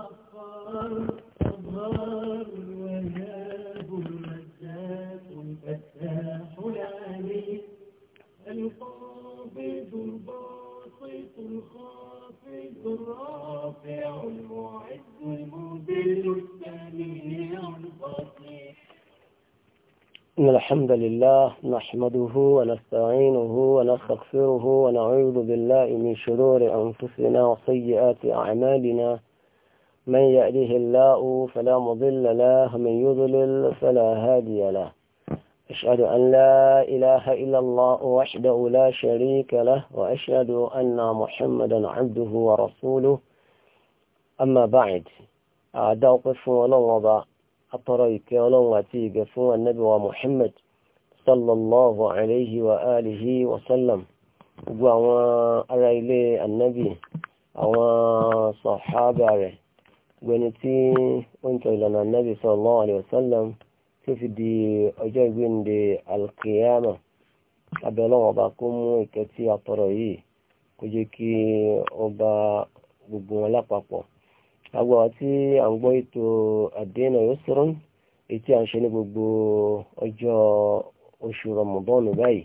الفتاح العليم الباسط الرافع المعز السميع البصير إن الحمد لله نحمده ونستعينه ونستغفره ونعوذ بالله من شرور أنفسنا وسيئات أعمالنا من يأله الله فلا مضل له من يضلل فلا هادي له أشهد أن لا إله إلا الله وحده لا شريك له وأشهد أن محمدا عبده ورسوله أما بعد أعداء قفوا ولغضا أطريك ولغتي قفوا النبي ومحمد صلى الله عليه وآله وسلم وعلى النبي وصحابه gbẹni tí ó ń tọ ìlànà anábì sallallahu alaihi wasallam tó fi di ọjọ́ ìgbéǹde alkiyama abẹ́lọ́wọ́ ọba kó mú ìkẹ́ tí a tọrọ yìí kó jẹ́ kí ọba gbogbo wọn lápapọ̀ agbo àwọn tí à ń gbọ́ ètò àdéhùn yusrun èyí tí à ń ṣe ní gbogbo ọjọ́ oṣù rọmọbọ́ọ̀nù báyìí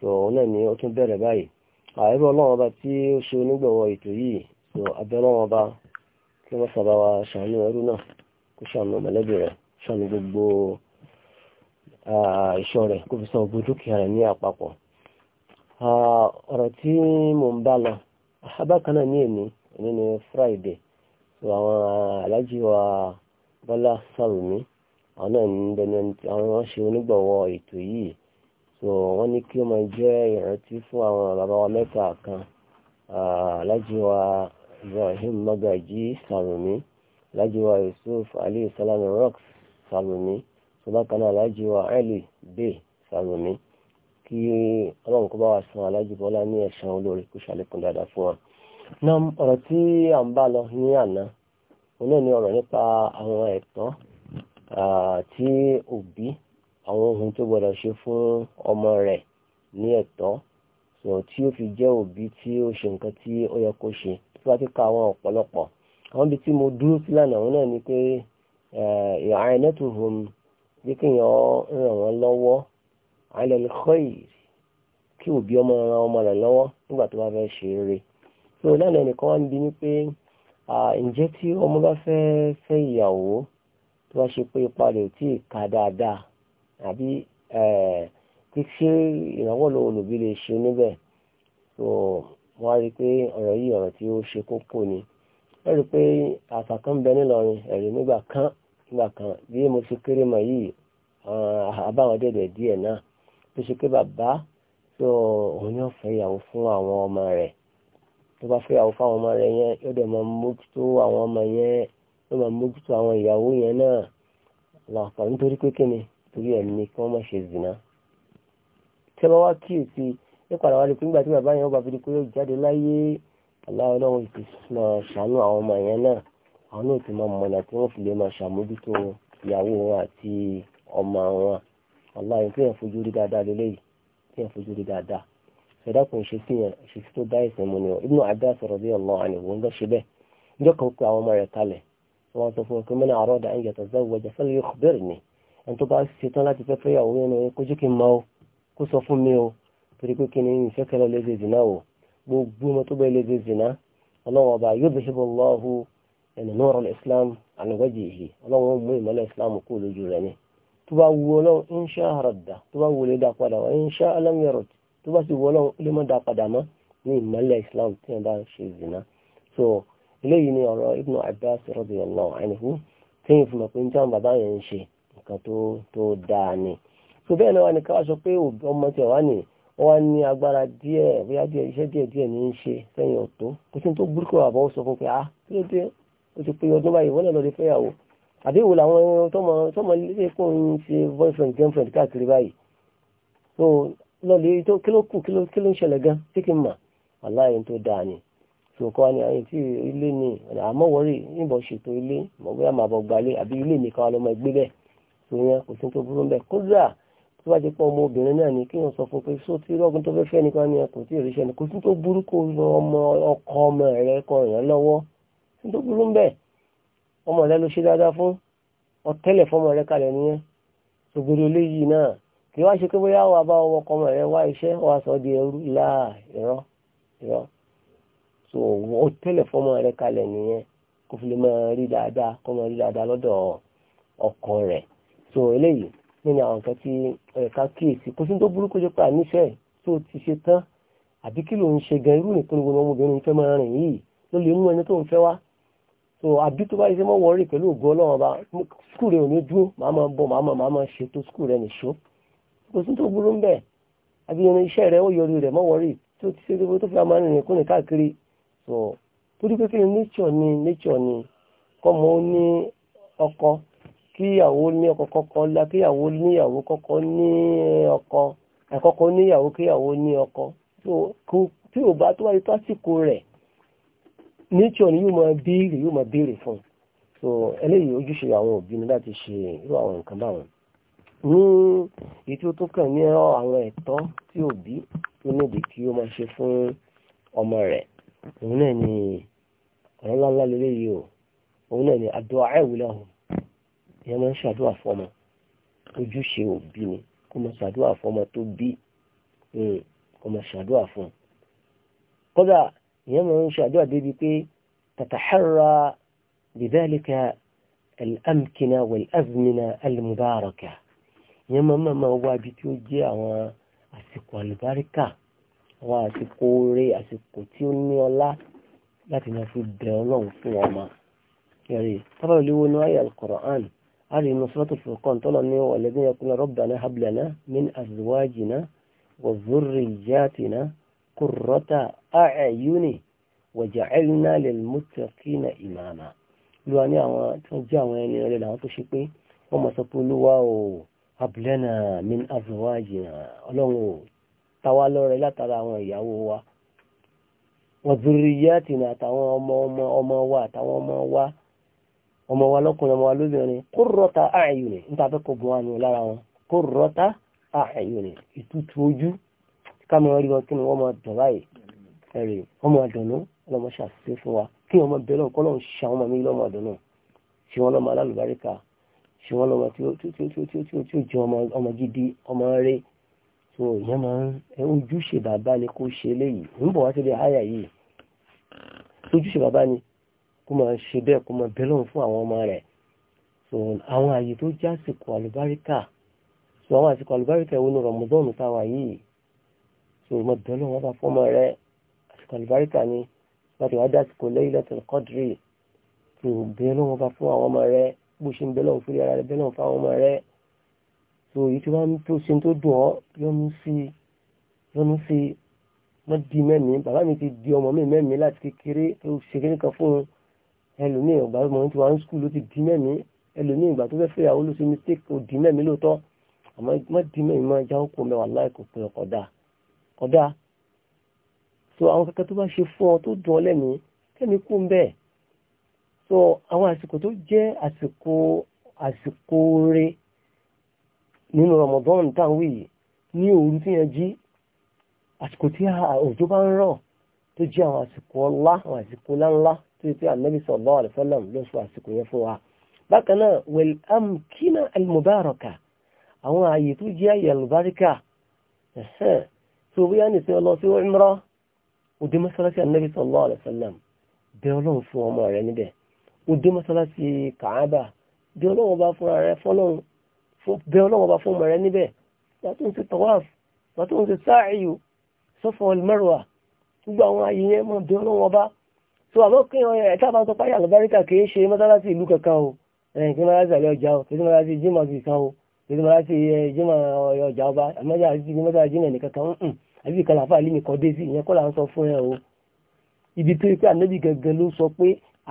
tó náà ni ó tún bẹ̀rẹ̀ báyìí àìrọ̀ ọlọ́wọ́n ọba tí ó ṣe onígbọ̀wọ́ ètò yìí tó abẹ́lọ́wọ́n ọba kí wọ́n sábà wa ṣàánú ẹrú náà kó ṣàánú mọ̀lẹ́bí rẹ̀ ṣàánú gbogbo ìṣọ́ rẹ̀ kó fi san gbogbo dúkìá rẹ̀ ní àpapọ̀. ọ̀rọ̀ tí mò ń bá lọ abákan ní èmi èmi ni Friday so àwọn alájí wa Bọ́lá Sàrùmí àwọn náà ń dẹnu ṣe onígbọ̀wọ́ ètò yìí so wọ́n ní kí ó máa jẹ́ ìrántí fún àwọn bàbá wa mẹ́ta kan alájí wa ibrahim magaji sarumi alhaji wa yusuf ali salami rocks sarumi subákan náà alhaji wa ali bey sarumi kí ọlọ́run kó bá wa san alhaji bọ́lá ní ẹ̀san olórí kó ṣàlékún dáadáa fún wa. nam ọ̀rọ̀ tí à ń bá lọ ní àná òun náà ni ọ̀rọ̀ nípa àwọn ẹ̀tọ́ tí òbí àwọn ohun tó gbọdọ̀ ṣe fún ọmọ rẹ̀ ní ẹ̀tọ́ tí ó fi jẹ́ òbí tí ó ṣe nǹkan tí ó yẹ kó ṣe tí wọ́n ti ka àwọn ọ̀pọ̀lọpọ̀ àwọn ibi tí mo dúró sí lánàá òun náà ni pé i'anatuhum bí kéèyàn ràn wọ́n lọ́wọ́ ala al-khayr kí òbí ọmọ ran ọmọ rẹ̀ lọ́wọ́ nígbà tó bá fẹ́ ṣe eré so lánàá ẹnìkan wá ń bi ní pé ǹjẹ́ tí ọmọ bá fẹ́ fẹ́ ìyàwó tó bá ṣe pé ipa rẹ̀ ò tí ì ka dáadáa àbí kí ṣe ìrànwọ́ lọ́wọ́ olùbí lè ṣe níbẹ̀ so wọ́n á rí i pé ọ̀rọ̀ yìí ọ̀rọ̀ tí ó ṣe kókó ni ẹ rí i pé àṣà kan bẹ nílọrin ẹ̀rí nígbà kan nígbà kan bí mo ṣe kéré mọ yìí àbáwọn dẹ̀dẹ̀ díẹ̀ náà tó ṣe pé bàbá tó òun yóò fẹ́ ìyàwó fún àwọn ọmọ rẹ̀ tó bá fẹ́ ìyàwó fún àwọn ọmọ rẹ̀ yẹn yóò dẹ̀ máa mójútó àwọn ọmọ yẹn yóò máa mójútó àwọn ìyàwó yẹn náà lọ́pàá nítorí pé kíni torí ẹ̀mí kí wọ́n má ṣe zìnà tí wọ́n wá kíyèsí yóò padà wá lè pé nígbà tí bàbá yẹn ó bá fi di pé yóò jáde láyé aláwọ̀ náà ètò máa ṣàánú àwọn ọmọ yẹn náà àwọn náà ti máa mọ̀nà tí wọ́n fi lè máa ṣàmójútó ìyàwó wọn àti ọmọ wọn aláwọ̀ tí yẹn fojú rí dáadáa lélẹ́yìí tí yẹn fojú rí dáadáa ṣẹ̀dákùn ìṣesí yẹn ìṣesí tó dá ìsìn mu ni ọ Ibn Abbas radiyallahu anhu ń bẹ́ ṣe bẹ́ẹ̀ kan pé àwọn ọmọ rẹ̀ kalẹ̀ wọ́n sọ fún ọkùnrin mẹ́rin àrọ́dà ń yàtọ̀ zẹ́wọ̀jẹ̀ fẹ́lẹ́ yóò bẹ̀rẹ̀ ni ẹni tó bá ṣetán láti fẹ́ fẹ́yàwó yẹn ni kó jẹ́ kí n mọ o kó sọ fún mi o torí pé kíni ìfẹ́ kẹlẹ́ lè ṣe zina o gbogbo ọmọ tó bẹ́ẹ̀ lè ṣe zina ọlọ́run ọba yóò bẹ̀ṣẹ̀ bọ̀ lọ́hù ẹ̀nà náà rọlẹ̀ islam ànàgbẹ́jì yìí ọlọ́run mú ìmọ̀lẹ̀ islam kú lójú rẹ̀ ni tó bá wu ọlọ́run ń ṣá àràdà tó bá wu lè dá padà wá ń ṣá tó bá sì wu ọlọ́run lè má dá padà mọ́ ní ìmọ̀lẹ̀ islam tí wọ́n bá ṣe zina so eléyìí ni ọ̀rọ̀ ibnu abbas radiyallahu anhu tẹ́yìn fún mi pé ń tán bàbá yẹn ń ṣe nǹkan tó dáa wọ́n ní agbára díẹ̀ bóyá díẹ̀ iṣẹ́ díẹ̀ díẹ̀ ní í ṣe lẹ́yìn ọ̀tún kò sí tó burúkú àbọ̀ sọ fún pé ah kí ló dé o ti pé ọdún báyìí wọ́n náà lọ́ọ́ lè fẹ́yàwó àbí ìwò làwọn tọmọ ilé kò ń ṣe boyfriend girlfriend káàkiri báyìí so lọ́ọ̀lì tó kí ló kù kí ló ń ṣẹlẹ̀ gan tí kì í mà aláìyẹn tó dáa ni so kọ́ ni àyè tí ilé ni àmọ́ wọ́rí níbọ̀ ṣètò ilé mọ̀ bóyá màá bọ̀ gbalé àbí ilé mi káwọn ọmọ ẹgbẹ́ bẹ́ẹ̀ so yẹn kò sí tó burú bẹ́ẹ̀ kódà tó bá jẹ́ pé ọmọ obìnrin náà ni kí wọ́n sọ fún pé so tí rọ́gùn tó fẹ́ fẹ́ nìkan ni kò tí ì ni kò sí tó burú kó lọ ọmọ ọkọ ọmọ rẹ kọ ìyàn lọ́wọ́ sí tó burú ń bẹ̀ ọmọ rẹ ló ṣe dáadáa fún ọtẹ́lẹ̀ fọmọ rẹ kalẹ̀ nìyẹn ṣògbèrè eléyìí náà kì í wá ṣe pé bóyá wà bá ọmọ ọkọ ọmọ rẹ wá iṣẹ́ wà sọ di ẹrú láà ìrọ́ ìrọ́ so ọtẹ́lẹ̀ fọmọ rẹ kalẹ̀ nìyẹn kó nínú àwọn nǹkan tí ẹ̀ka kíyèsí kò sí tó burúkú jẹ́ pé àníṣẹ́ tó ti ṣe tán àbí kí ló ń ṣe gan irú nìkan ìwọ̀n ọmọbìnrin fẹ́ máa rìn yìí ló lè mú ẹni tó ń fẹ́ wá so àbí tó bá yẹ sẹ́ mọ́ wọ́ọ̀rì pẹ̀lú ògo ọlọ́run ọba skul rẹ̀ ò ní dúró màá máa bọ̀ màá máa máa ṣètò skul rẹ̀ nìṣó kò sí tó burú ń bẹ̀ àbí irin iṣẹ́ rẹ̀ ó yọrí rẹ̀ mọ́ wọ́ọ̀rì so torí ni nature ni nature ni kọ́mọ ó kíyàwó ní ọkọ kọ́kọ́ la kíyàwó níyàwó kọ́kọ́ ní eh, ọkọ àkọ́kọ́ níyàwó kíyàwó ní ọkọ tí ò bá tó wáyé tásìkò rẹ̀ nature ni yóò máa béèrè yóò máa béèrè fún un so eléyìí ojúṣe àwọn òbí ni láti ṣe irú àwọn nǹkan báwọn ní èyí tí ó tún kàn ní àwọn ẹ̀tọ́ tí òbí tó níbi kí ó máa ṣe fún ọmọ rẹ̀ òun náà ni ọ̀rọ̀ ńláńlá lélẹ́yìí o òun náà ni àdúà ẹ̀wù lahum ìyẹn máa ń ṣàdúrà fọmọ ojúṣe òbí ni kó máa ṣàdúrà fọmọ tó bí hmm. kó máa ṣàdúrà fún un kódà ìyẹn máa ń ṣàdúrà débi pé tàtàhárà bìbẹ́ẹ̀lìkà الأمكنة والأزمنة المباركة ìyẹn máa máa máa wá ibi tí ó jẹ́ àwọn àsìkò àlùbáríkà àwọn àsìkò oore àsìkò tí ó ní ọlá láti máa fi bẹ̀ ọlọ́run fún ọmọ. yẹ̀rì tábàlì wo ni wáyé al-Qur'an هذه نصرة الفرقان طلع أنه والذين يقولون ربنا هب لنا من أزواجنا وذرياتنا قرة أعين وجعلنا للمتقين إماما ló wà ní àwọn tí wọ́n jẹ́ àwọn ẹni ọ̀rẹ́ làwọn tó ṣe pé wọ́n mọ̀ sọ pé olúwa o abúlẹ́nà min azwajina ọlọ́run o táwa lọ́rẹ látara àwọn ìyàwó wa wọ́n zurriyatina àtàwọn ọmọ ọmọ ọmọ wa àtàwọn ọmọ wa ọmọ wa lọ́kùnrin ọmọ wa lóbìnrin qurrata a'yuni níta fẹ́ kọ̀gùn wa nù lára wọn qurrata i ìtútù ojú kámi rí wọn ni wọ́n máa dùn báyìí ẹ̀rì wọ́n fún wa kí bẹ̀rẹ̀ lọ́n ṣe àwọn ọmọ mi ṣe lọ́mọ alálùbáríkà ṣe lọ́mọ tí ó jẹ ọmọ gidi ọmọ tó máa ń ojúṣe bàbá ni kó ṣe ń bọ̀ wá kó máa ṣe bẹ́ẹ̀ kó máa bẹ́ẹ̀ lọ́run fún àwọn ọmọ rẹ̀ so àwọn àyè tó já sìkò àlùbáríkà so àwọn àsìkò àlùbáríkà ìwé ní rọmọdọ́ọ̀nù táwa yìí so máa bẹ́ẹ̀ lọ́run wọn bá fọ́mọ rẹ̀ àsìkò àlùbáríkà ni láti wá dásìkò Laylatul Qadri so bẹ́ẹ̀ lọ́run wọn bá fún àwọn ọmọ rẹ̀ bó ṣe ń bẹ́ẹ̀ lọ́run fúri ara rẹ̀ bẹ́ẹ̀ lọ́run fún àwọn ọmọ rẹ̀ so èyí tí wọ́n tó ṣe tó dùn ọ́ yọnu sí yọnu sí wọ́n di mẹ́mìí bàbá mi ti di ọmọ mi mẹ́mìí láti kékeré tó ṣe kékeré kan fún un ẹlòmíì ọgbà ọmọ tí wọ́n ń skul ló ti dì mẹ́mí ẹlòmíì ìgbà tó fẹ́ fẹ́ ìyàwó ló ṣe mistake ó dì mẹ́mí lóòótọ́ àmọ́ má dì mẹ́mí máa já òkú mẹ́wàá láì kò pé ọ̀dà ọ̀dà so àwọn kẹkẹ tó bá ṣe fún ọ tó dùn ọ lẹ́mí kẹ́mi kú ń bẹ́ẹ̀ so àwọn àsìkò tó jẹ́ àsìkò àsìkò rẹ nínú Ramadan táwọn yìí ní òru tí yẹn jí àsìkò tí òjò bá ń rọ̀ tó jẹ́ àwọn àsìkò ọlá àwọn àsìkò ńláńlá sí pé anabi sallallahu alaihi wasallam ló sọ àsìkò yẹn fún wa bákan náà wẹl amkina almubaraka àwọn ààyè tó jẹ́ ààyè alùbáríkà tó bóyá nìṣẹ́ ọlọ sí umra òde mọ́sálásí anabi sallallahu alaihi wasallam bẹ ọlọ́run fún ọmọ rẹ níbẹ̀ òde mọ́sálásí kàábà bẹ ọlọ́run bá fún ara rẹ fọlọ́run bẹ ọlọ́run bá fún ọmọ rẹ níbẹ̀ yàtọ̀ ń ṣe yàtọ̀ ń sáàyù sọ́fọ̀ al gbogbo àwọn ààyè yẹn mọ̀ bẹ ọlọ́run ọba so àmọ́ kí ẹ tá a bá ń sọ páyà lọ́báríkà kì í ṣe mọ́sálásí ìlú kankan o ẹ̀yìn kí mọ́sálásí àlẹ́ ọjà o kì í mọ́sálásí jimá sí kan o kì í mọ́sálásí jimá ọjà ọba àmọ́jà àti mọ́sálásí jimá nìkan kan ń àbí ìkàlà fún àlímì kan dé sí ìyẹn kọ́ là ń sọ fún ẹ o ibi tó pé ànábì gangan ló sọ pé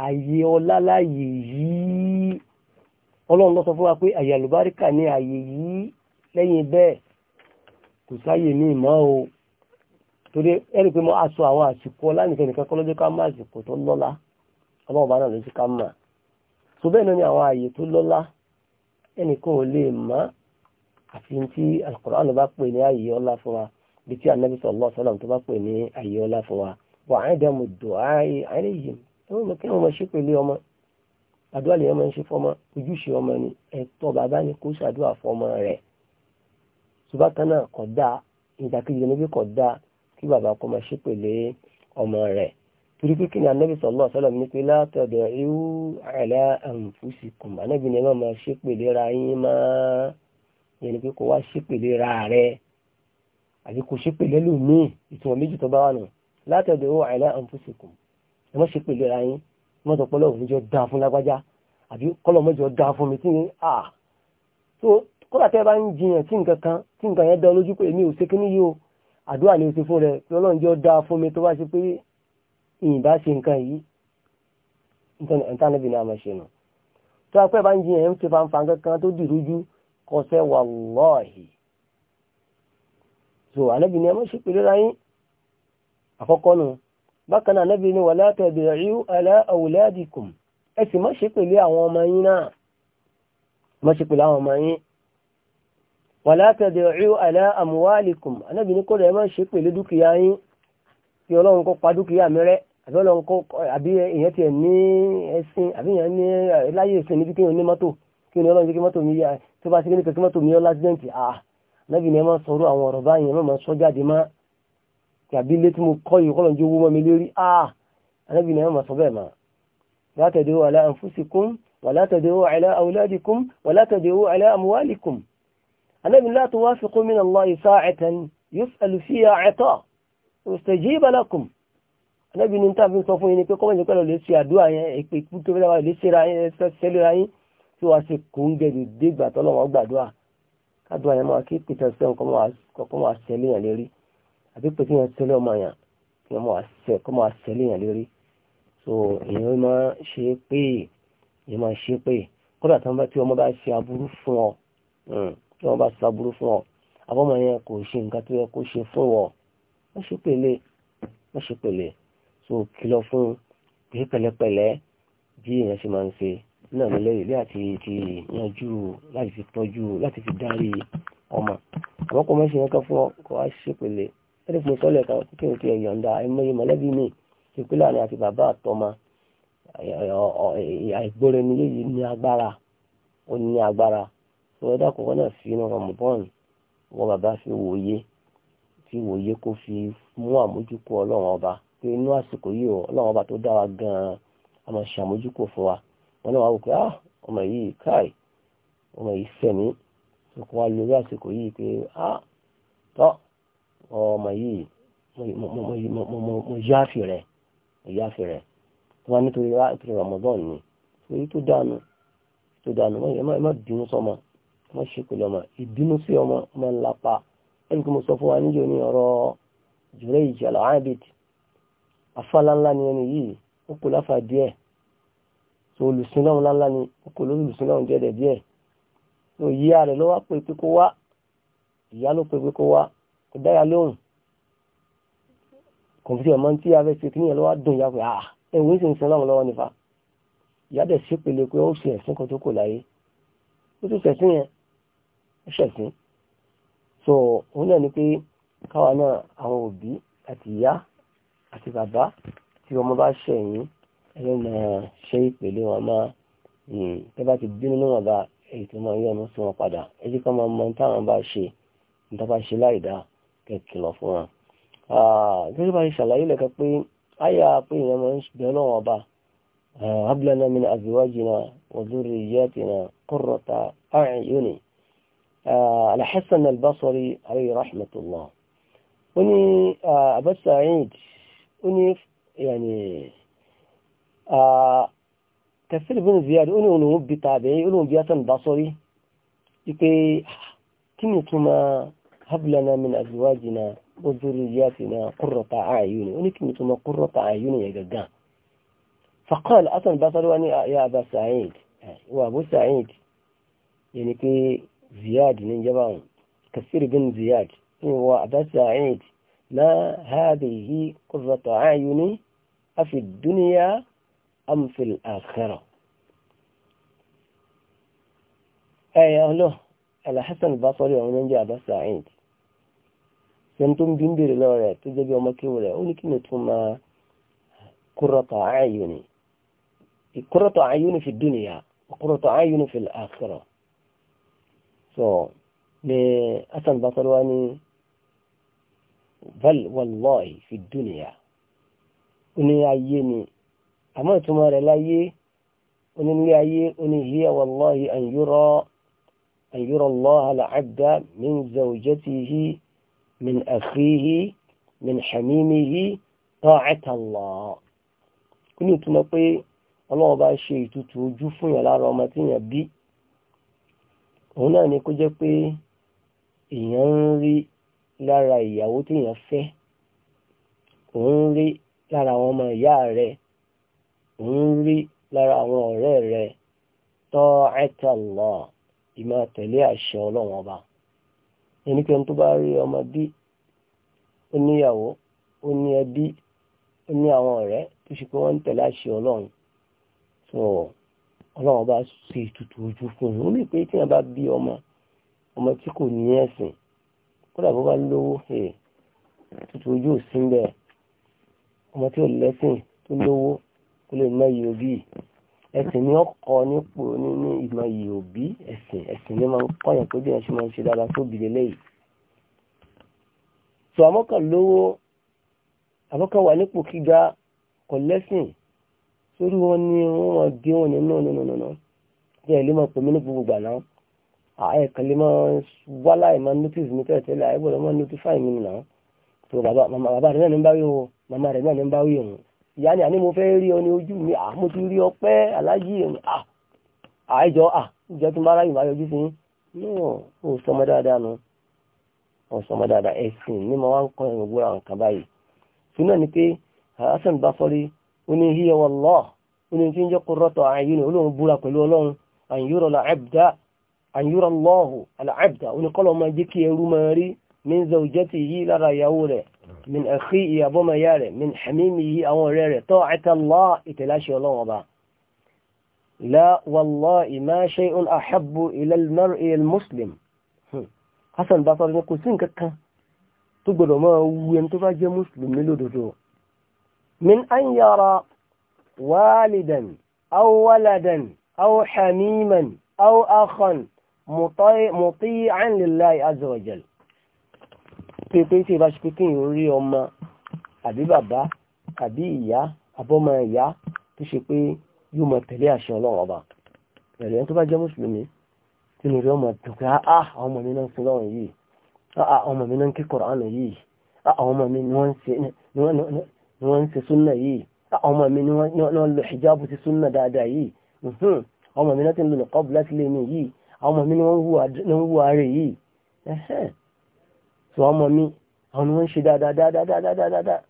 àyè ọlá láàyè yìí ọlọ́run ló sọ fún wa pé àyè àlùbáríkà ní àyè yìí lẹ́yìn bẹ́ẹ̀ kò sáyè ní ìmọ̀ o torí ẹni pé mo aṣọ àwọn àsìkò ọlánìkan nìkan ká má àsìkò tó lọ́lá ọlọ́run bá náà lójú ká mà tó bẹ́ẹ̀ náà ni àwọn ààyè tó lọ́lá ẹnìkan ò lè mọ̀ àfi tí Al-Qur'an bá pè ní ààyè ọlá fún wa bí tí Ànábì sallallahu alaihi wasallam tó bá pè ní ààyè ọlá fún wa bọ̀ àìdẹ́mu dùn ààyè àìlè yìí ẹ̀wọ̀n mọ̀ kí wọ́n máa ṣe pẹ̀lú ọmọ àdúrà lèyàn máa ń ìdàkejì níbi kọ̀ dáa kí bàbá kó máa ṣe pèlè ọmọ rẹ̀ torí pé kí ni anábì sallallahu alaihi wasallam ní pé látọ̀dọ̀ irú ala anfusikum anábì ni ẹ má máa ṣe pèlè ra yín máa yẹn ni pé kó wá ṣe pèlè ra rẹ̀ àbí kò ṣe pèlè lómii ìtumọ̀ méjì tó bá wà nù látọ̀dọ̀ irú ala anfusikum ẹ má ṣe pèlè ra yín mọ́tò pọ́lọ́ òfúnjọ́ dá fún lágbájá àbí kọ́lọ̀ mọ́jọ́ dá fún mi tí ní à ah! so kódà tẹ́ bá ń jiyàn tí nǹkan kan tí nǹkan yẹn àdúrà ni o ti fún rẹ pé ọlọ́run jẹ́ ó dáa fún mi tó bá ṣe pé ìyìnbá ṣe nǹkan yìí ìtànàbì ni a máa ṣe nù tó apẹ́ bá ń jiyàn ń ṣe fanfa kankan tó dìrújú kọsẹ́ wàlọ́ọ̀hì so ànábì ni a máa ṣe pèlè ráyín àkọ́kọ́ nù bákan náà ànábì ni wà látẹ̀bẹ̀ ríú alá àwùlẹ́ àdìkùn ẹ sì má ṣe pèlè àwọn ọmọ yín náà má ṣe pèlè àwọn ọmọ yín wàlá tad'u ala amwalikum anábì ní kó rẹ̀ máa ṣe pẹ̀lú dúkìá yín kí ọlọ́run kó pa dúkìá mi rẹ́ àbí ọlọ́run kó àbí èèyàn tiẹ̀ ní ẹ̀sìn àbí èèyàn ní láyé ìsìn níbi kéèyàn ní mọ́tò kí ni ọlọ́run jẹ́ kí mọ́tò mi yá tó bá ṣe kí ni kí mọ́tò mi yọ lásìdẹ́ǹtì ah, à anábì ní ẹ máa sọ̀rọ̀ àwọn ọ̀rọ̀ báyìí ẹ máa sọ jáde má tàbí ilé النبي لا توافقوا من الله ساعة يسأل فيها عطاء يستجيب لكم النبي ننتهى من صفوه إنك كما يقول ليس يدعى يكتب ليس يسأل tí wàá ṣe kò ń gẹ̀dù dégbà tọ́lọ́wọ́ gbàdúrà kádùá yẹn máa kí pété sẹ́wọ̀n kọ́ máa ṣẹlẹ̀ yàn lérí àbí pété yẹn ṣẹlẹ̀ ọmọ yàn kí wọ́n máa ṣẹlẹ̀ yàn lérí so èèyàn máa ṣe pé èèyàn máa ṣe pé kódà tí wọ́n bá ṣe aburú fún ọ tí wọ́n bá ṣàbúrú fún ọ abọ́mọ yẹn kò ṣe nǹkan tó yẹ kó ṣe fún ọ wọ́n ṣe pẹ̀lẹ́ wọ́n ṣe pẹ̀lẹ́ so kìlọ̀ fún pé pẹ̀lẹ́pẹ̀lẹ́ bí èèyàn ṣe máa ń ṣe náà ní lẹ́yìn bí àti ti yanjú láti fi tọ́jú láti fi darí ọmọ àwọn kò mẹ́sìn kankan fún ọ kò wá ṣe pẹ̀lẹ́ ẹni fún sọ́lẹ̀ kan kí n ti ẹ̀yọ̀ǹda ẹ̀mọye mọ̀lẹ́bí mi ìpínlẹ̀ àná àti bàbá àtọmọ àìgbóre ni yéyí ní agbára ó ní agbára sọ̀rọ̀ dà kọ́kọ́ náà fi inú ramubọ́n wọn bàbá fi wòye fi wòye kó fi mú àmójúkú ọlọ́run ọba pé inú àsìkò yìí ọlọ́run ọba tó dá wa gan-an a máa ṣe àmójúkú fún wa wọn náà wà wò pé ah ọmọ yìí káì ọmọ yìí fẹ̀mí kó wa lórí àsìkò yìí pé ah tọ́ ọmọ yìí mo yáfi rẹ̀ mo yáfi rẹ̀ tó wá nítorí Ramadan ni torí tó dànù tó dànù ẹ má bínú sọmọ wọ́n ṣe pẹ̀lú ọmọ ìbínú sí ọmọ máa ń lapa ẹni tí mo sọ fún wa níjẹ́ ní ọ̀rọ̀ jùlẹ̀ ìjàlá abid afáláńlá ni ẹni yìí ó kò láfa díẹ̀ tó olùsínáwó ńláńlá ni ó kò lórí olùsínáwó jẹ́dẹ̀ díẹ̀ tó yíya rẹ̀ ló wá pé pé kó wá ìyá ló pé pé kó wá kò dáyà lóhùn kọ̀m̀pútì ọmọ tí a fẹ́ ṣe kí nìyẹn ló wá dùn ìyá pé ah ẹ̀wọ̀n ìsìn ìsìn ọlọ́run lọ́wọ́ nípa ìyá dẹ̀ ṣépele pé ó ṣe ẹ̀sìn kan tó kò láyé ó tún ṣẹ̀sìn yẹn ṣẹ̀sìn so òun náà ni pé káwa náà àwọn òbí àti ìyá àti bàbá tí ọmọ bá ṣẹ̀yìn ẹ̀yọ́ máa ṣe ìpele wọn máa hmm, tẹ́ bá ti bínú náà bá èyí tó máa yọnu sí wọn padà èyí kan máa mọ táwọn bá ṣe níta bá ṣe láì dá kẹkìlọ̀ fún wọn. Ah, gẹ́gẹ́ bá ṣe ṣàlàyé lẹ́ka pé àyà pé ìyẹn máa ń bẹ lọ́wọ́ ọba ah, abilana min azwajina wa dhurriyyatina qurrata a'yuni على حسن البصري عليه رحمة الله وني أبا سعيد وني يعني كثير بن زياد وني وني بتابعي وني بياتن بصري يكي كني تما هب لنا من أزواجنا وذرياتنا قرة أعين وني كني تما قرة أعين يا جدا فقال أتن بصري وني يا أبا سعيد وأبو سعيد يعني كي زياد من جبان كثير بن زياد أبا سعيد ما هذه قرة عيني أفي الدنيا أم في الآخرة أي أهله على حسن البصري ومن جاء أبا سعيد سنتم بندر لولا تجد يوم كولا أولك نتفهم قرة عيني قرة أعين في الدنيا وقرة عيني في الآخرة so ní Hasan Basri wá ní bal wallahi fi dunya ó ní ayé ni àmọ́ ìtumọ̀ rẹ̀ láyé ó ní ní ayé ó ní hiya wallahi an yura an yura Allaha al-abda min zawjatihi min akhihi min hamimihi ta'ata Allah ó ní ìtumọ̀ pé ọlọ́wọ́ bá ṣe ìtutù ojú fún yàn lára ọmọ tí yàn bí òun náà ni kó jẹ́ pé èèyàn ń rí lára ìyàwó téèyàn fẹ́ òun ń rí lára àwọn ọmọ ìyá rẹ̀ òun ń rí lára àwọn ọ̀rẹ́ rẹ̀ ta'ata Allah ìmọ̀ tẹ̀lé àṣẹ ọlọ́run ọba ẹnikẹ́ni tó bá rí ọmọ bí ó níyàwó ó ní ẹbí ó ní àwọn ọ̀rẹ́ tó ṣe pé wọ́n ń tẹ̀lé àṣẹ ọlọ́run tó ọ̀ ọlọ́run bá ṣe ètùtù ojú fún un ó lè pé tí wọ́n bá bí ọmọ ọmọ tí kò ní ẹ̀sìn kódà bó bá lówó ètùtù ojú ò sí bẹ́ẹ̀ ọmọ tí ò lẹ́sìn tó lówó kó lè má yìí òbí ẹ̀sìn ni ó kọ́ nípò nínú ìmọ̀ yìí òbí ẹ̀sìn ẹ̀sìn ni máa ń kọ́yàn pé bí wọ́n ṣe máa ń ṣe dáadáa tó bìlẹ̀ lẹ́yìn. sọ àmọ́kàn lówó àmọ́kàn wà nípò kíga kò lẹ́sìn sórí wọn ni wọ́n máa gé wọn ní náà nínú nínú jẹ́ ilé máa pè mí ní gbogbo gbà náà ààyè kan lè máa wá láì máa notice mi tẹ́lẹ̀tẹ́lẹ̀ ààyè gbọ́dọ̀ máa notify mi nìyà tó bàbá rẹ̀ náà ní bá wí o màmá rẹ̀ náà ní bá wí o ìyá ni àní mo fẹ́ rí ọ ní ojú mi à mo ti rí ọ pẹ́ aláyé mi à àìjọ à ìjọ tí mara yìí máa yọjú sí náà ó sọmọ dáadáa nu ó sọmọ dáadáa ẹ̀sìn ní mo wá ń kọ́ ẹ̀rùn ni pé Hasan Basori oní hiya wallah oní tí ń jẹ́ qurratu a'yun olóhùn búra pẹ̀lú ọlọ́run an yura al-abda an yura Allahu al-abda oní kọ́lọ̀ máa jẹ́ kí ẹrú máa rí min zawjatihi lára ìyàwó rẹ̀ min akhihi abọ́mọ̀yá rẹ̀ min hamimihi àwọn ọ̀rẹ́ rẹ̀ ta'ata Allah ìtẹ̀láṣẹ ọlọ́run ọba. la wallahi ma shay'un ahabbu ila al-mar'i al-muslim hmm. Hasan Basri ní kò sí nǹkan kan tó gbọdọ̀ máa wú ẹni tó bá jẹ́ mùsùlùmí lódodo من أن يرى والدا أو ولدا أو حميما أو أخا مطيعا لله عز وجل pípín tí ìbá ṣe pípín ìrí ọmọ àbí bàbá àbí ìyá àbọ́mọ ìyá tó ṣe pé yóò mọ tẹ̀lé àṣẹ ọlọ́run ọba ẹ̀rẹ̀ ẹni tó bá jẹ́ mùsùlùmí tí mo rí ọmọ dùnkà á àwọn ọmọ mi náà ń sin lọ́run yìí ah, ah, àwọn ọmọ mi náà ń kí Kùránì yìí ah, àwọn ọmọ mi ni wọ́n ń ṣe wọ́n ń ṣe súnà yìí ah, ọmọ mi ni wọ́n lọ hijabu ti súnà dáadáa yìí ọmọ mi náà ti ń lò nìkọ́ bùlá sílé mi yìí ah, ọmọ mi ni wọ́n ń wú ààrẹ yìí so ọmọ mi àwọn ni wọ́n ń ṣe dáadáa dáadáa dáadáa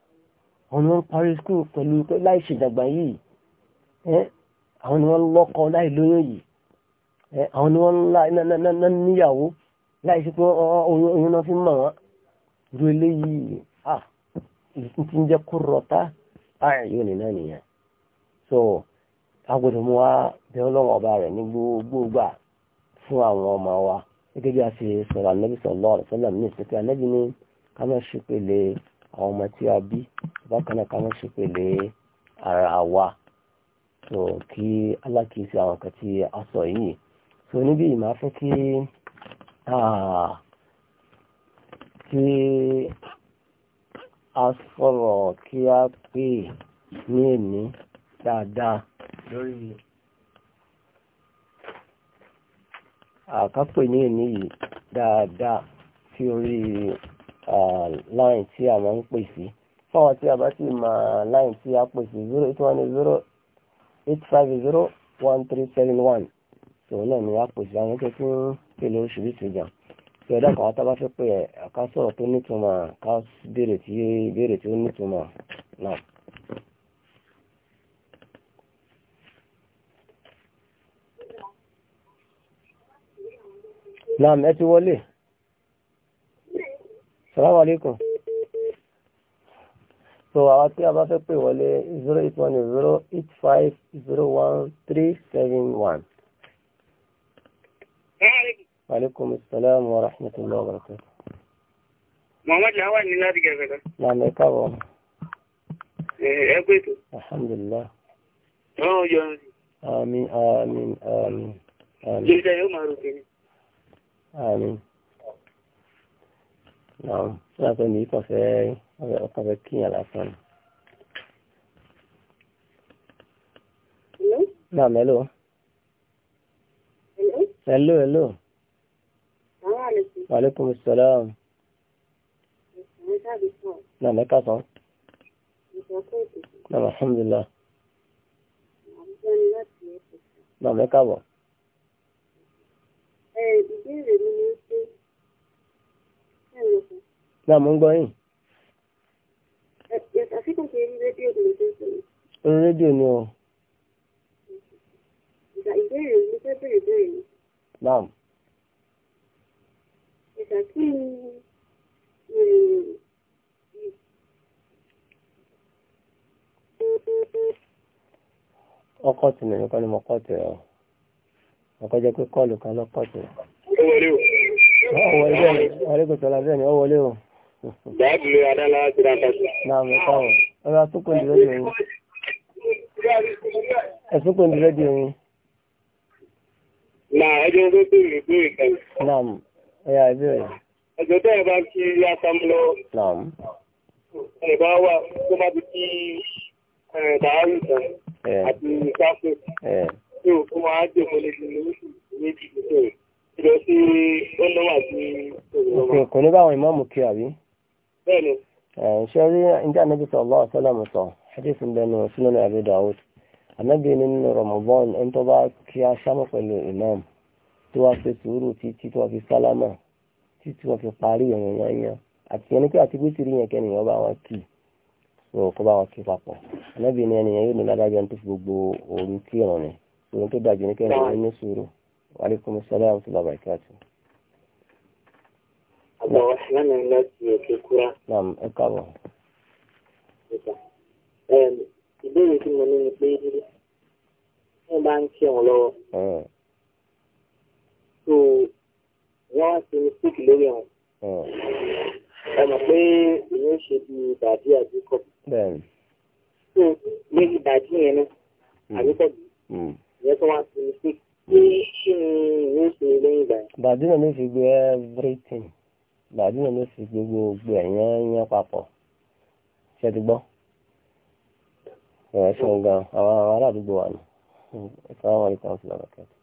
àwọn ni wọ́n ń parí skul pẹ̀lú láì ṣèdàgbà yìí àwọn ni wọ́n lọ́kọ láì lóyún yìí àwọn ni wọ́n ńlá níyàwó láì sí pé oyún náà fi mọ̀ wọ́n ru eléyìí ah tí ń jẹ́ qurrata a'yuni náà so agbọ́dọ̀ mú wa bẹ ọlọ́run ọba rẹ̀ ní gbogbogbà fún àwọn ọmọ wa gẹ́gẹ́ bí a ṣe sọ̀rọ̀ anabi sallallahu alaihi wasallam ní ìsìnkú anabi ní so kí alákìísí àwọn kan tí a so níbí ìmọ̀ afẹ́ kí ah, a sọ̀rọ̀ kí a pè ní èní dáadáa lórí àkápè ní èní yìí dáadáa tí orí line tí a máa ń pè sí fáwọn tí a bá sì máa line tí a pè sí zero eight one zero eight five zero one three seven one tòun náà ni a pè sí àwọn tó tún pè lóríṣiríṣi jàn tí ọ̀dà kan tá a bá fẹ́ pé ká sọ̀rọ̀ tó nítumọ̀ ká béèrè tí béèrè tí ó nítumọ̀ náà. Naam, ẹ ti wọlé. Salaam alaikum. So, àwa tí a bá fẹ́ pè wọlé 08108501371. Ẹ aleykum salaam wa rahmatullahi wa barakatuh. Muhammad Lawan ni láti gẹ̀gẹ̀dẹ̀. Nàmẹ́ káwọ̀. Ẹ pé tó. Alhamdulillah. Ọlọ́run yọ ọ́n sí. Àmín àmín àmín. Lórí ẹ̀ yóò máa rò kiri. Àmín. Nàá fún àpẹ mi kàn fẹ́ ọkàn fẹ́ kíyàn lásán. Nàmẹ́ lò. Hello hello. hello. Wa alaikum assalam. Nàà mẹ́ka sọ. Nàà alhamdulillah. Nàà mẹ́ka bọ̀. Nàà mú gbọ́ yìí. Orí rédíò ni o. Ìbéèrè mi fẹ́ bèrè bèrè. Nàà àìsàn kí ni eh, ọkọ̀ tì mí nìkan ni mo kọ́ tì ọ́ ọkọ̀ jẹ́ pé kọ́ọ̀lù kan lọ́kọ̀ tì ọ́. Ọ̀rẹ́kùn sọ̀rọ̀ bẹ́ẹ̀ ni ó wọlé o. Báàbù lè Adálá ti ra pàṣẹ. Náà mo kọ́ ọ̀. Ọ̀rọ̀ àtúkùn dúró di oyin. Ẹ̀sùnkùn dúró di oyin. Náà ẹjọ́ tó tó ìrìn fún ìkànnì. Náà ẹ̀yà ìbéèrè. ẹ̀jọ̀ tẹ́ ẹ̀ bá lọ. naam. ẹ̀ bá wà tó bá ti kí bàárù tán àti ìsáfù. tí o fún wa jẹ́ mọ́lẹ́ ní oṣù méjì tó lọ sí ọlọ́wọ́ àti òwúrọ̀. kò sallallahu alaihi wasallam hadith Sunan Abi Ramadan tó wá ṣe sùúrù títí tó wá fi sálámà títí wọ́n fi parí ìrìn yányán àti ẹni pé àti gbèsè rí yẹn kẹ́ni wọ́n bá wọn kì í wọn kó bá wọn kí papọ̀ ẹnẹ́bí ni ẹnìyẹn yóò ní ládájọ́ ní tó fi gbogbo òru kí ìrìn ni òun tó dájú ní kẹ́ni wọ́n ní sùúrù wàlékún sọlá àwọn tìlọ̀ bàìkì àti. àbọ̀ sẹ́nu láti òkè kúrá. naam ẹ káàbọ̀. ìbéèrè tí mo ní ni pé wọ́n bá ń kí wọn lọ́wọ́ so wọ́n á ṣe mistake lórí àwọn. Hmm. ẹ mọ̀ pé ìyẹn ṣe bí bàbí àbí kọ́bù. so lórí bàbí yẹn náà hmm. àbí kọ́bù hmm. ìyẹn tó wá ṣe mistake pé kí ni ìyẹn ṣe lẹ́yìn ìgbà yẹn. bàbí náà ló fi gbé everything bàbí náà ló fi gbé gbogbo ẹ̀yán yẹn papọ̀ ṣe ti gbọ́. ẹ̀ṣẹ̀ gan àwọn aládùúgbò wà ní. السلام عليكم ورحمة الله وبركاته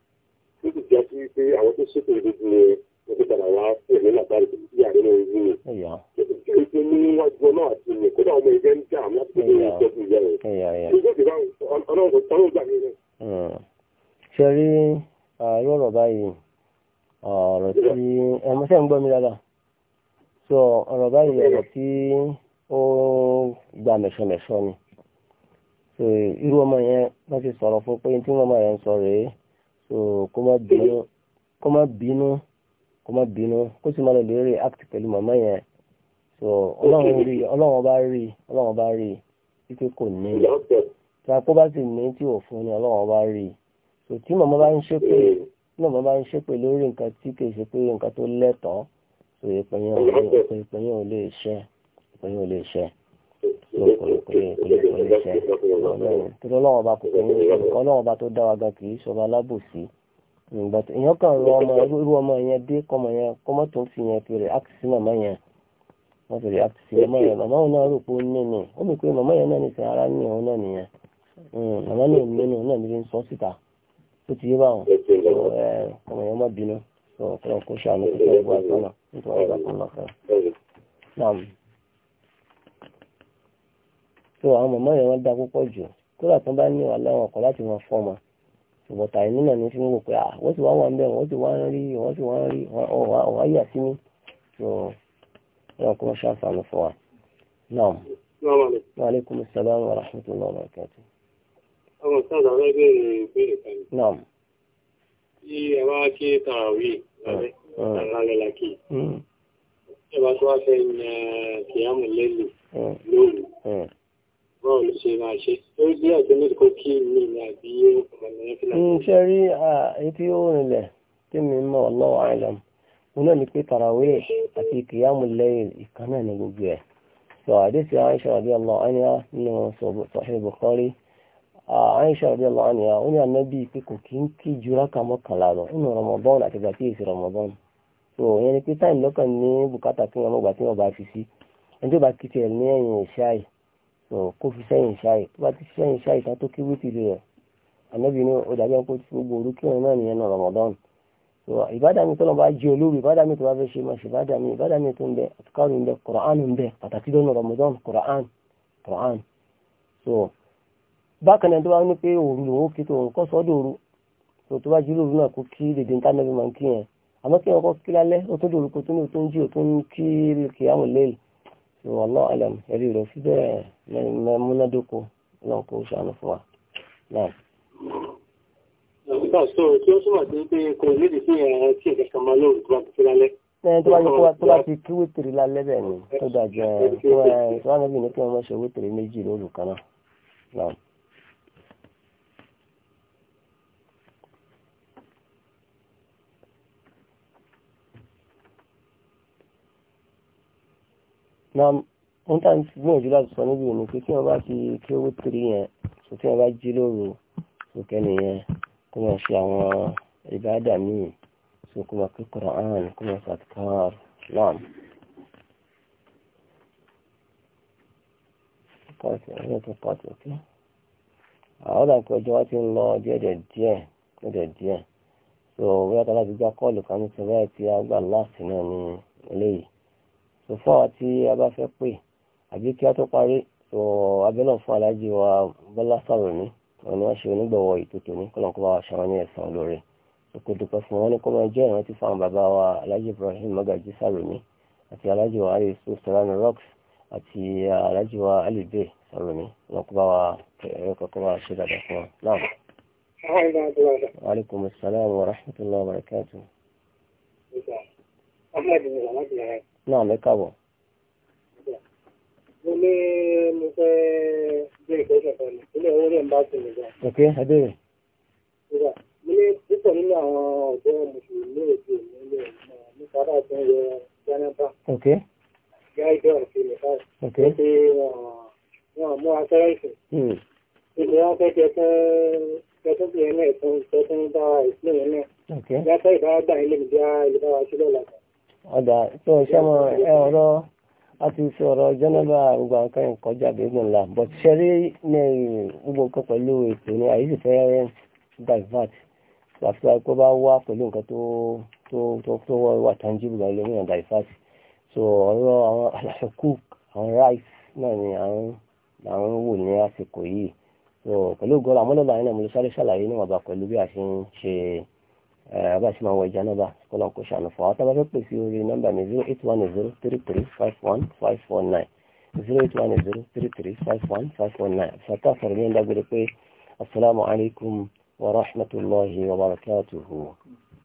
ó sì jẹ́ sí pé àwọn tó ṣètò ìdíje ni wọ́n ti padà wá sí ẹ̀mí làbárí tó ti yà nínú ojú mi. kí ló ti ní níwájú ọlọ́ àti mi kódà ọmọ ìgbẹ́ ń jà àmì láti tó ní ìjọba ìyá rẹ̀. ìjọba ìbá ọlọ́run gbà mí hmm. rẹ̀. ṣe rí lọ́rọ̀ báyìí ọ̀rọ̀ tí ẹ̀mọ́sẹ̀ ń gbọ́ mi dáadáa so ọ̀rọ̀ báyìí ọ̀rọ̀ tí ó gba mẹ̀ṣọ̀mẹ̀ṣọ̀ ni so irú ọmọ yẹn wọ́n ti sọ̀rọ̀ fún pé tí wọ́n máa yẹn sọ rèé so kó má bínú kó má bínú kó má bínú kó sì má lọ lè rí act pẹ̀lú màmá yẹn so ọlọ́run rí ọlọ́run bá rí ọlọ́run bá rí títí kò ní tí akó bá sì ní tí ò fún ni ọlọ́run bá rí so tí màmá bá ń ṣépè tí màmá bá ń ṣépè lórí nǹkan tí kì í ṣe pé nǹkan tó lẹ́tọ̀ọ́ so ìpènyìn ò lè ṣe ìpènyìn ò lè ṣe. ọlọ́ọ̀ba kò kò ọlọ́ọ̀ba tó dá wa gan kì í ṣọba alábòsí èèyàn kan rọ ọmọ irú ọmọ yẹn dé kọmọ yẹn kọmọ tó ń fi yẹn màmá yẹn fi màmá yẹn màmá òun náà rò pé ó nínú ó pé màmá yẹn náà ara ní òun náà nìyẹn màmá ní nínú náà níbi ń sọ síta tó ti yé tó àwọn mọ̀mọ́ yẹn wọ́n dá púpọ̀ jù kódà tó bá ní wàhálà wọn kọ̀ láti wọn fọ́ ọmọ ṣùgbọ́n tàyí nínà ní fi ń wò pé à wọ́n ti wá wà ń bẹ̀ wọ́n ti wá ń rí wọ́n ti wá ń rí ọ̀wá yà sí mi tó ẹ̀rọ kọ́ ṣàǹfààní fún wa. náà wa aleykum salaam wa rahmatulah wa barakatuh. àwọn sáà làwọn ẹgbẹ́ ìbéèrè kan. náà. bí ah, ah. hmm. ẹ bá kí tààwí lálẹ́ lálẹ́ la kí. ẹ bá tó wá fẹ́ yan kìámù lẹ́lù hmm. lóru. Hmm ṣe máa ṣe lórí bí ẹ̀jẹ̀ méjì kò kí mi ní rí èyí ó rìnlẹ̀ tí mi mọ̀ Allahu a'lam mo náà ní pé tarawih àti kìyàmù lẹ́yìn ìkan náà ní gbogbo ẹ̀ sọ àdéṣe Aisha radiyallahu anha nínú Sahih Bukhari Aisha radiyallahu anha ó ní ànábì pé kò kí ń kí ju rákà mọ́kànlá lọ nínú Ramadan àti ìgbà tí èsì Ramadan so ìyẹn ni pé táìmù lọ́kàn ní bùkátà kí wọn mọ̀gbà tí wọn bá fi sí ẹni tó bá kí ní ẹ̀yìn ìṣáì so kó fi sẹ́yìn ṣáì tó bá ti sẹ́yìn ṣáì tán tó kí wítìrì rẹ̀ ànábì ní ọ̀dàjọ́ ń kó ti gbogbo orú kí ọ̀run náà nìyẹn náà Ramadan so ìbádà mi tọ́lọ́ bá jẹ olórí ìbádà mi tó bá fẹ́ ṣe máa ṣe ìbádà mi ìbádà mi tó ń bẹ àtúkárù ń bẹ Qur'an ń bẹ pàtàkì lọ́nà Ramadan Qur'an Qur'an so bákan náà tó bá ní pé òru lòun kí tó òun kọ́ sọ́dọ̀ òru so tó bá jí lóru náà kó kí dèdè níta náà fi máa ń kí yẹn àmọ́ kí wọn kọ́ kí lálẹ́ ó so wallahu alam ẹ̀rí rẹ̀ fi bẹ́ẹ̀ múnádóko náà kò ṣàánú fún wa náà. Ìgbà sọ kí ó túmọ̀ sí pé kò nídi sí ẹ̀rọ tí ẹ̀kẹ́ kan máa lóòrùn tó bá ti fi lálẹ́. Ẹni tó bá yẹ kó tó bá ti kí wítìrì lálẹ́ bẹ́ẹ̀ ni tó dàjẹ́ ẹ̀ tó wá kí wọ́n ṣe wítìrì méjì lóòrùn kan náà. Nam, wọ́n tà ń gbìyànjú láti sọ níbi òní pé kí wọ́n bá ti kí owó tiri yẹn so kí wọ́n bá jí lóru sókè nìyẹn kó máa ṣe àwọn ìbáàdà míì so kó máa kí Kùránì kó máa ṣàtìkàr náà. àwọn àpò ọjọ́ wa ti ń lọ díẹ̀ díẹ̀ so wíwá tó láti gbá kọ́ọ̀lù kan ní sọ báyìí tí a gbà láti náà ní eléyìí so fún àwọn tí a bá fẹ́ àbí kí a tó parí so abẹ́lọ̀ fún aláàjì wa bọ́lá sọ̀rọ̀ ní wọn ni wọ́n ṣe onígbọ̀wọ́ ìtòtò ní kọ́lọ́n kó bá wa ṣàwọn ní ẹ̀sán lóore so dùpẹ́ fún wọn ní kó máa jẹ́ ìrántí fún àwọn bàbá wa aláàjì Ibrahim Magaji sọ̀rọ̀ ní àti aláàjì wa ali sọ sọ̀rọ̀ rocks àti aláàjì wa ali bay sọ̀rọ̀ ní wọn kó bá wa ṣe dàgbà fún wa alaikum salaam wa rahmatullahi wa náà lẹ́kàbọ̀. mo ní mo fẹ́ bí ìgbésẹ̀ kan ní ilé owó rẹ̀ ń bá ti lè gbà. ok ẹ bẹ̀rẹ̀. mo ní púpọ̀ nínú àwọn ọ̀dọ́ mùsùlùmí èdè nílé nípa bá a ti ń yọ jánábà. ok. gáìdì ọ̀sẹ̀ lè báyìí. ok. pé wọn mú afẹ́rẹ́ ìsìn. ilé hmm. wọn fẹ́ jẹ fún tẹ́tún bí ẹni ẹ̀sùn tẹ́tún bá ìsìn ẹ̀mẹ́. ok. yàtọ̀ ìbáragbà ilé ìdí ìbára ṣílẹ̀ làkà. ọ tó ń sẹ́mọ ẹ ọ̀rọ̀ a ti fi ọ̀rọ̀ jẹ́nẹ́bà gbogbo nǹkan ìkọjá gbẹ́gbọ̀n la but ṣẹ́rí ní gbogbo nǹkan pẹ̀lú ètò ní àyè ìfẹ́ divert àti pé bá wá pẹ̀lú nǹkan tó tó tó wà tangible gan lórí ọ̀dà divert so ọ̀rọ̀ àwọn aláṣẹkù àwọn rice náà ni àwọn àwọn wò ní àsìkò yìí so pẹ̀lú gbọ́dọ̀ àmọ́lọ́lá yẹn mo sáré باسمه وجنبه كلهم كشان فاتا بروك بس يوزي نمبر من 0810 إيه؟ السلام عليكم ورحمة الله وبركاته